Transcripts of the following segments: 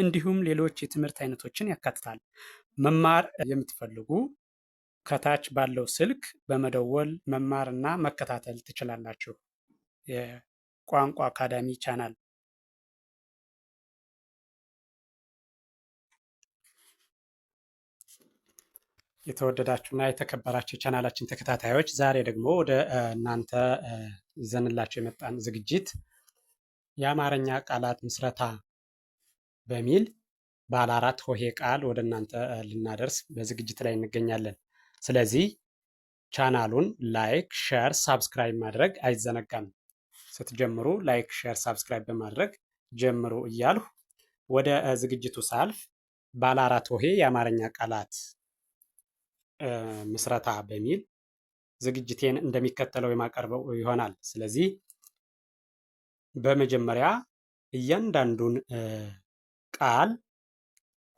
እንዲሁም ሌሎች የትምህርት አይነቶችን ያካትታል። መማር የምትፈልጉ ከታች ባለው ስልክ በመደወል መማርና መከታተል ትችላላችሁ። የቋንቋ አካዳሚ ቻናል የተወደዳችሁና የተከበራችሁ የቻናላችን ተከታታዮች ዛሬ ደግሞ ወደ እናንተ ይዘንላቸው የመጣን ዝግጅት የአማርኛ ቃላት ምስረታ በሚል ባለ አራት ሆሄ ቃል ወደ እናንተ ልናደርስ በዝግጅት ላይ እንገኛለን። ስለዚህ ቻናሉን ላይክ፣ ሸር፣ ሳብስክራይብ ማድረግ አይዘነጋም። ስትጀምሩ ላይክ፣ ሸር፣ ሳብስክራይብ በማድረግ ጀምሩ እያልሁ ወደ ዝግጅቱ ሳልፍ ባለ አራት ሆሄ የአማርኛ ቃላት ምስረታ በሚል ዝግጅቴን እንደሚከተለው የማቀርበው ይሆናል። ስለዚህ በመጀመሪያ እያንዳንዱን ቃል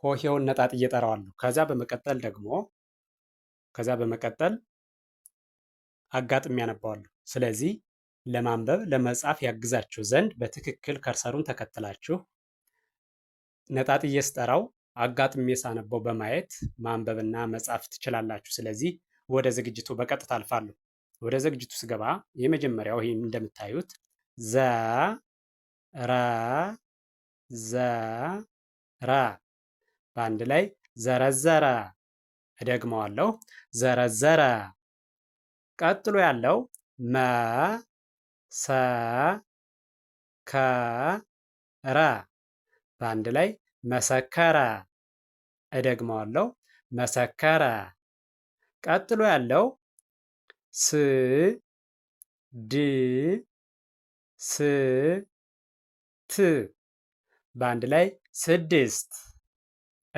ሆሄውን ነጣጥ እጠራዋለሁ። ከዛ በመቀጠል ደግሞ ከዛ በመቀጠል አጋጥሚ ያነባዋለሁ። ስለዚህ ለማንበብ ለመጻፍ ያግዛችሁ ዘንድ በትክክል ከርሰሩን ተከትላችሁ ነጣጥዬ ስጠራው አጋጥሜ ሳነበው በማየት ማንበብና መጻፍ ትችላላችሁ። ስለዚህ ወደ ዝግጅቱ በቀጥታ አልፋለሁ። ወደ ዝግጅቱ ስገባ የመጀመሪያው ይህ እንደምታዩት ዘ ረ ዘራ በአንድ ላይ ዘረዘረ። እደግመዋለሁ፣ ዘረዘረ። ቀጥሎ ያለው መሰከረ በአንድ ላይ መሰከረ። እደግመዋለሁ፣ መሰከረ። ቀጥሎ ያለው ስ ድ ስ ት በአንድ ላይ ስድስት።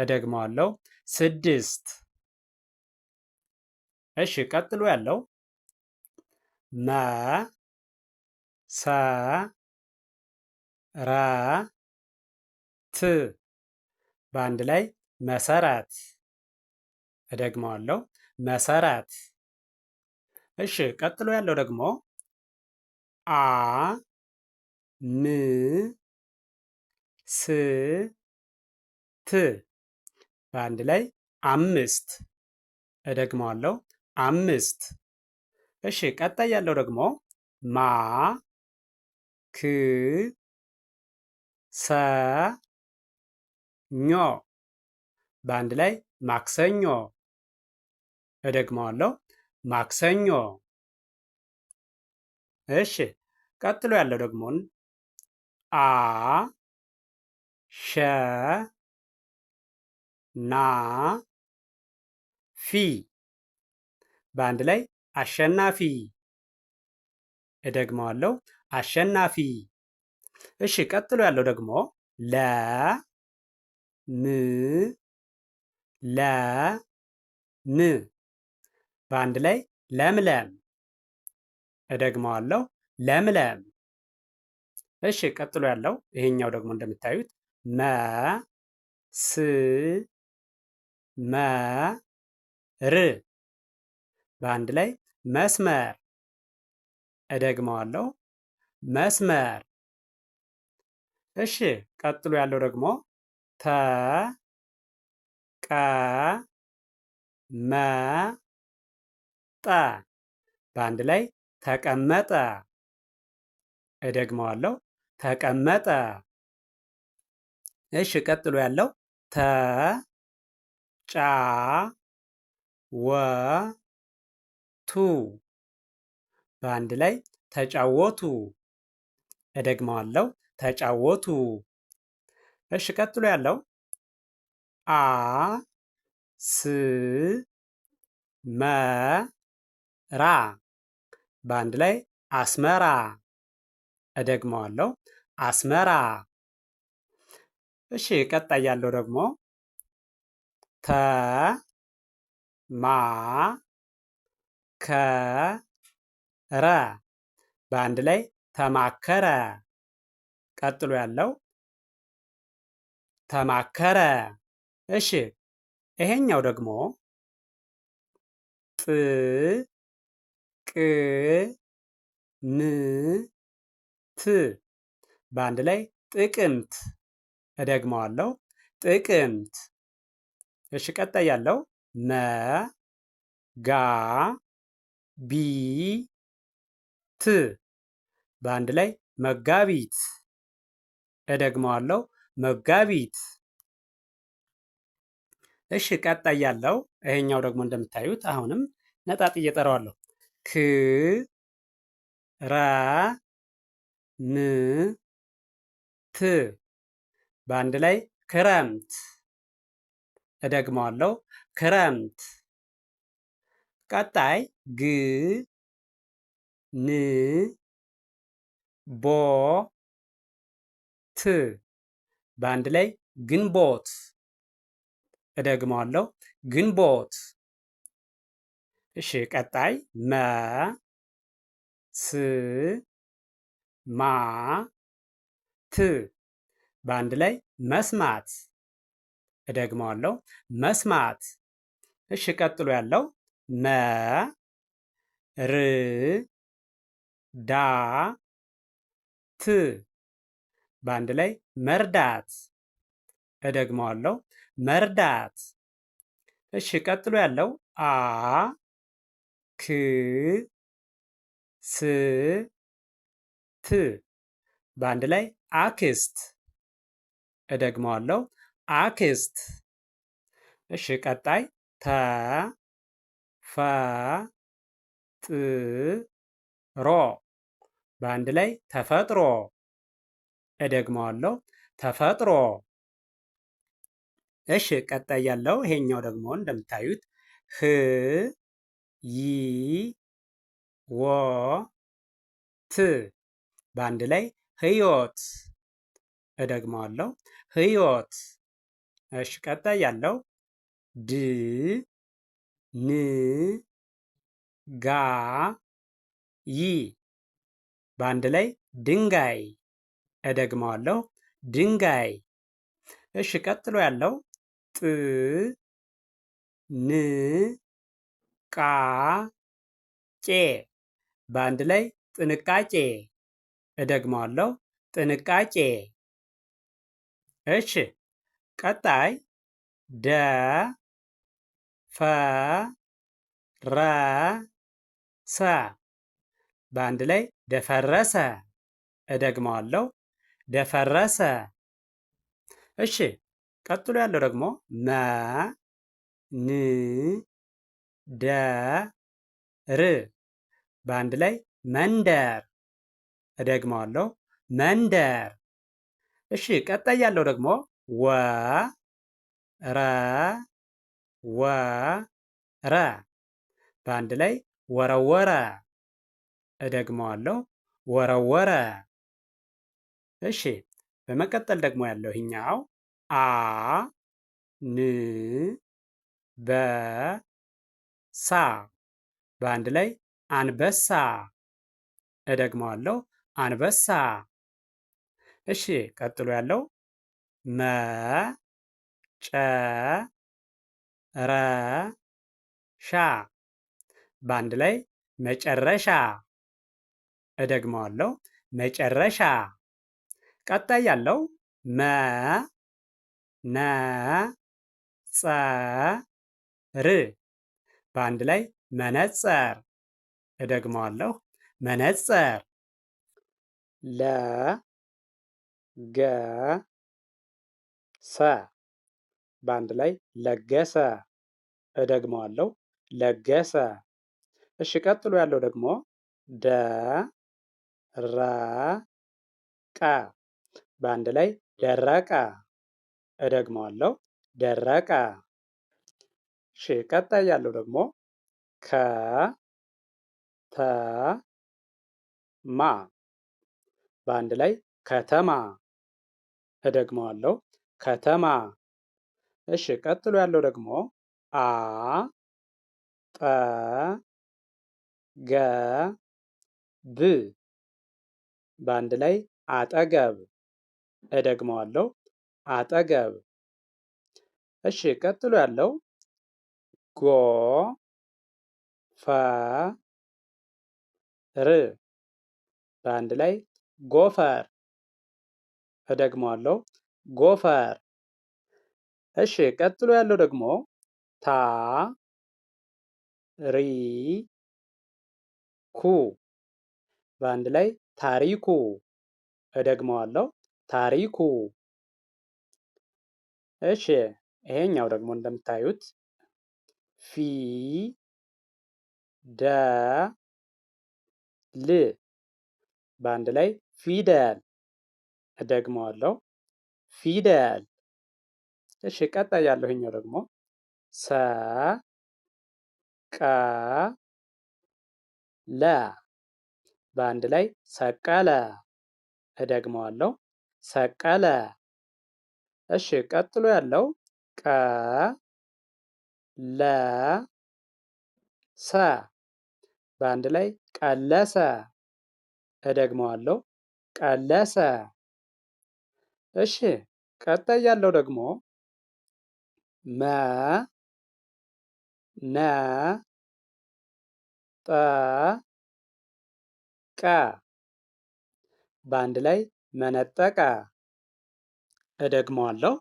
እደግመዋለሁ፣ ስድስት። እሺ፣ ቀጥሎ ያለው መ ሰ ራ ት በአንድ ላይ መሰራት እደግመዋለሁ፣ መሰራት እሺ፣ ቀጥሎ ያለው ደግሞ አ ም ስ ት በአንድ ላይ አምስት። እደግመዋለሁ አምስት። እሺ ቀጣይ ያለው ደግሞ ማ ክ ሰ ኞ በአንድ ላይ ማክሰኞ። እደግመዋለሁ ማክሰኞ። እሺ ቀጥሎ ያለው ደግሞ አ ሸ ና ፊ በአንድ ላይ አሸናፊ። እደግመዋለሁ አሸናፊ። እሺ፣ ቀጥሎ ያለው ደግሞ ለ ም ለ ም በአንድ ላይ ለምለም። እደግመዋለሁ ለምለም። እሺ፣ ቀጥሎ ያለው ይሄኛው ደግሞ እንደምታዩት መ ስ መ ር በአንድ ላይ መስመር። እደግመዋለሁ መስመር። እሺ፣ ቀጥሎ ያለው ደግሞ ተ ቀ መ ጠ በአንድ ላይ ተቀመጠ። እደግመዋለሁ ተቀመጠ። እሺ ቀጥሎ ያለው ተ ጫ ወ ቱ በአንድ ላይ ተጫወቱ። እደግመዋለሁ ተጫወቱ። እሺ ቀጥሎ ያለው አ ስ መ ራ በአንድ ላይ አስመራ። እደግመዋለሁ አስመራ። እሺ ቀጣይ ያለው ደግሞ ተ ማ ከ ረ በአንድ ላይ ተማከረ። ቀጥሎ ያለው ተማከረ። እሺ ይሄኛው ደግሞ ጥ ቅ ን ት በአንድ ላይ ጥቅምት እደግመዋለሁ። ጥቅምት። እሺ፣ ቀጣይ ያለው መ ጋ ቢ ት በአንድ ላይ መጋቢት። እደግመዋለሁ፣ መጋቢት። እሺ፣ ቀጣይ ያለው ይሄኛው ደግሞ እንደምታዩት አሁንም ነጣጥ እየጠራዋለሁ ክ ረ ም ት በአንድ ላይ ክረምት። እደግመዋለሁ፣ ክረምት። ቀጣይ ግ ን ቦ ት በአንድ ላይ ግንቦት። እደግመዋለሁ፣ ግንቦት። እሺ፣ ቀጣይ መ ስ ማ ት በአንድ ላይ መስማት። እደግመዋለሁ፣ መስማት። እሺ፣ ቀጥሎ ያለው መ ር ዳ ት በአንድ ላይ መርዳት። እደግመዋለሁ፣ መርዳት። እሺ፣ ቀጥሎ ያለው አ ክ ስ ት በአንድ ላይ አክስት እደግመዋለሁ አክስት። እሺ ቀጣይ ተ ፈ ጥ ሮ በአንድ ላይ ተፈጥሮ። እደግመዋለሁ ተፈጥሮ። እሺ ቀጣይ ያለው ይሄኛው ደግሞ እንደምታዩት ህ ይ ወ ት በአንድ ላይ ህይወት እደግመዋለሁ። ህይወት። እሺ፣ ቀጣይ ያለው ድ ን ጋ ይ በአንድ ላይ ድንጋይ። እደግመዋለሁ፣ ድንጋይ። እሺ፣ ቀጥሎ ያለው ጥ ን ቃ ቄ በአንድ ላይ ጥንቃቄ። እደግመዋለሁ፣ ጥንቃቄ። እሺ ቀጣይ ደ ፈ ረ ሰ በአንድ ላይ ደፈረሰ። እደግመዋለሁ ደፈረሰ። እሺ ቀጥሎ ያለው ደግሞ መ ን ደ ር በአንድ ላይ መንደር። እደግመዋለሁ መንደር። እሺ ቀጣይ ያለው ደግሞ ወ ረ ወ ረ በአንድ ላይ ወረወረ። እደግመዋለሁ ወረወረ። እሺ በመቀጠል ደግሞ ያለው ይኛው አ ን በ ሳ በአንድ ላይ አንበሳ። እደግመዋለሁ አንበሳ። እሺ ቀጥሎ ያለው መ ጨ ረ ሻ በአንድ ላይ መጨረሻ። እደግመዋለሁ መጨረሻ። ቀጣይ ያለው መ ነ ጸ ር በአንድ ላይ መነጸር። እደግመዋለሁ መነጸር። ለ ገ ሰ በአንድ ላይ ለገሰ። እደግመዋለሁ ለገሰ። እሺ ቀጥሎ ያለው ደግሞ ደ ረ ቀ በአንድ ላይ ደረቀ። እደግመዋለሁ ደረቀ። እሺ ቀጣይ ያለው ደግሞ ከ ተ ማ በአንድ ላይ ከተማ እደግመዋለሁ። ከተማ። እሺ፣ ቀጥሎ ያለው ደግሞ አ ጠ ገ ብ በአንድ ላይ አጠገብ። እደግመዋለሁ። አጠገብ። እሺ፣ ቀጥሎ ያለው ጎ ፈ ር በአንድ ላይ ጎፈር። እደግመዋለሁ ጎፈር። እሺ ቀጥሎ ያለው ደግሞ ታ ሪ ኩ በአንድ ላይ ታሪኩ። እደግመዋለሁ ታሪኩ። እሺ ይሄኛው ደግሞ እንደምታዩት ፊ ደ ል በአንድ ላይ ፊደል እደግመዋለሁ። ፊደል። እሺ፣ ቀጣይ ያለሁኛው ደግሞ ሰ ቀ ለ በአንድ ላይ ሰቀለ። እደግመዋለሁ፣ ሰቀለ። እሺ፣ ቀጥሎ ያለው ቀ ለ ሰ በአንድ ላይ ቀለሰ። እደግመዋለሁ፣ ቀለሰ። እሺ ቀጣይ ያለው ደግሞ መ ነ ጠ ቀ በአንድ ላይ መነጠቀ። እደግመዋለሁ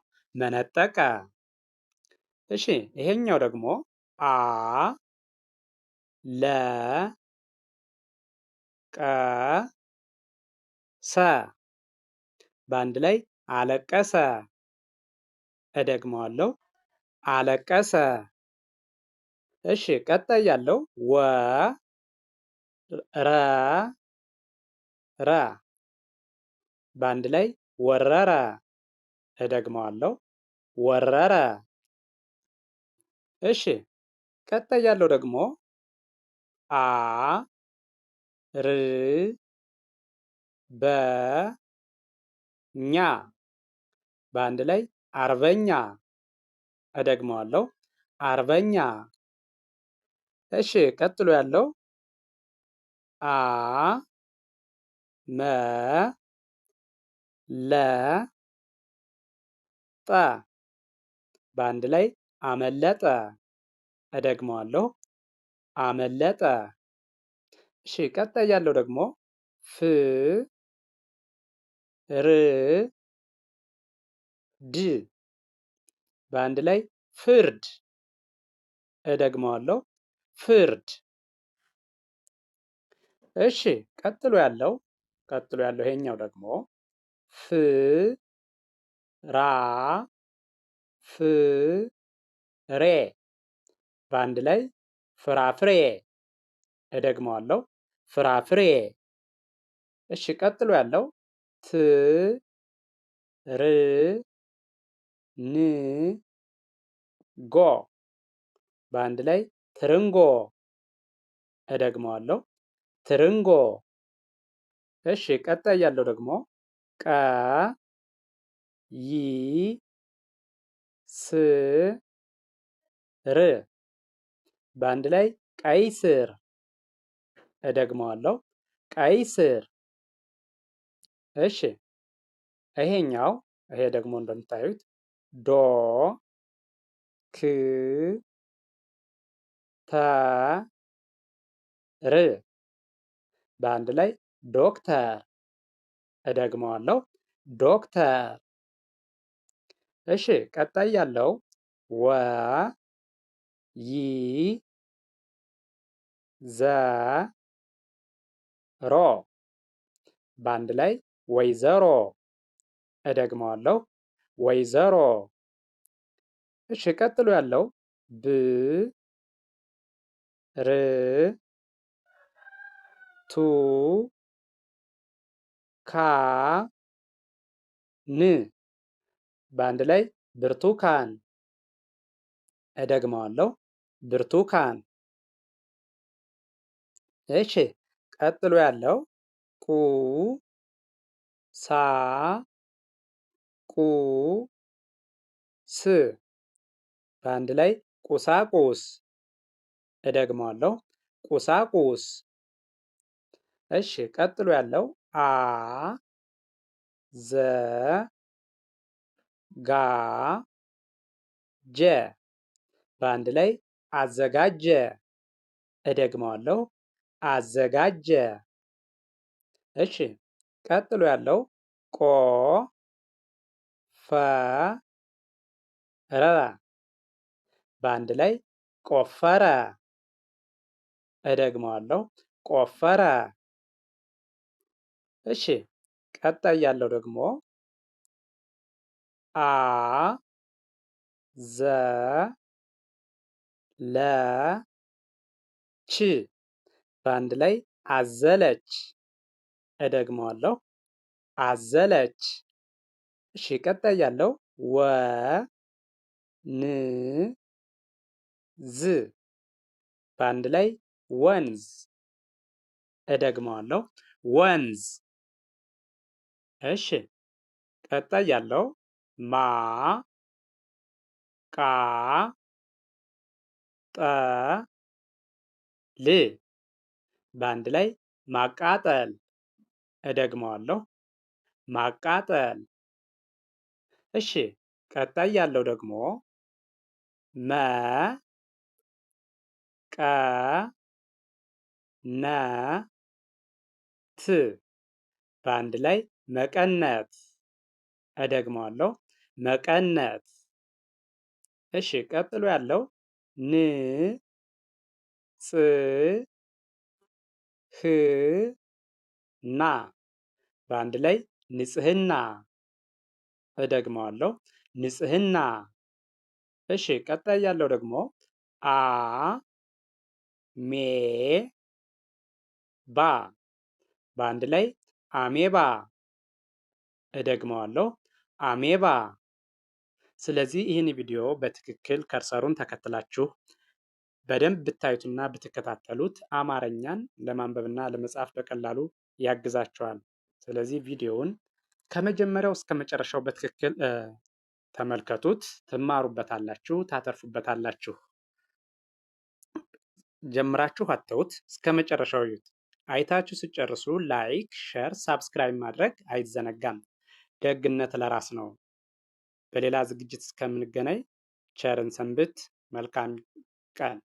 መነጠቀ። እሺ ይሄኛው ደግሞ አ ለ ቀ ሰ በአንድ ላይ አለቀሰ። እደግመዋለሁ አለቀሰ። እሺ ቀጣይ ያለው ወ ረ ረ በአንድ ላይ ወረረ። እደግመዋለሁ ወረረ። እሺ ቀጣይ ያለው ደግሞ አ ር በ ኛ በአንድ ላይ አርበኛ። እደግመዋለሁ፣ አርበኛ። እሺ፣ ቀጥሎ ያለው አ መ ለ ጠ በአንድ ላይ አመለጠ። እደግመዋለሁ፣ አመለጠ። እሺ፣ ቀጣይ ያለው ደግሞ ፍ ር ድ በአንድ ላይ ፍርድ። እደግመዋለሁ ፍርድ። እሺ ቀጥሎ ያለው ቀጥሎ ያለው ይሄኛው ደግሞ ፍ ራ ፍ ሬ በአንድ ላይ ፍራፍሬ። እደግመዋለሁ ፍራፍሬ። እሺ ቀጥሎ ያለው ት ር ን ጎ በአንድ ላይ ትርንጎ። እደግመዋለሁ ትርንጎ። እሺ ቀጣይ ያለው ደግሞ ቀ ይ ስ ር በአንድ ላይ ቀይስር። እደግመዋለሁ ስር እሺ ይሄኛው ይሄ ደግሞ እንደምታዩት ዶ ክ ተ ር በአንድ ላይ ዶክተር። እደግመዋለሁ ዶክተር። እሺ ቀጣይ ያለው ወ ይ ዘ ሮ በአንድ ላይ ወይዘሮ። እደግመዋለሁ ወይዘሮ። እሺ ቀጥሎ ያለው ብ ር ቱ ካ ን በአንድ ላይ ብርቱካን። እደግመዋለሁ ብርቱካን። እሺ ቀጥሎ ያለው ቁ ሳ ቁ ስ በአንድ ላይ ቁሳቁስ። እደግመዋለሁ ቁሳቁስ። እሺ፣ ቀጥሎ ያለው አ ዘ ጋ ጀ በአንድ ላይ አዘጋጀ። እደግመዋለሁ አዘጋጀ። እሺ፣ ቀጥሎ ያለው ቆ ፈረራ በአንድ ላይ ቆፈረ። እደግመዋለሁ፣ ቆፈረ። እሺ፣ ቀጣይ ያለው ደግሞ አ ዘ ለ ች በአንድ ላይ አዘለች። እደግመዋለሁ፣ አዘለች። እሺ ቀጣይ ያለው ወ ን ዝ በአንድ ላይ ወንዝ። እደግመዋለሁ ወንዝ። እሺ ቀጣይ ያለው ማ ቃ ጠ ል በአንድ ላይ ማቃጠል። እደግመዋለሁ ማቃጠል። እሺ ቀጣይ ያለው ደግሞ መ ቀ ነ ት በአንድ ላይ መቀነት። እደግመዋለሁ መቀነት። እሺ ቀጥሎ ያለው ን ጽ ህ ና በአንድ ላይ ንጽህና እደግመዋለሁ። ንጽህና። እሺ፣ ቀጣይ ያለው ደግሞ አ ሜ ባ በአንድ ላይ አሜባ። እደግመዋለሁ፣ አሜባ። ስለዚህ ይህን ቪዲዮ በትክክል ከርሰሩን ተከትላችሁ በደንብ ብታዩትና ብትከታተሉት አማርኛን ለማንበብና ለመጻፍ በቀላሉ ያግዛቸዋል። ስለዚህ ቪዲዮውን ከመጀመሪያው እስከ መጨረሻው በትክክል ተመልከቱት። ትማሩበታላችሁ፣ ታተርፉበታላችሁ። ጀምራችሁ አተውት እስከ መጨረሻው ይዩት። አይታችሁ ስጨርሱ ላይክ፣ ሸር፣ ሳብስክራይብ ማድረግ አይዘነጋም። ደግነት ለራስ ነው። በሌላ ዝግጅት እስከምንገናኝ ቸርን ሰንብት። መልካም ቀን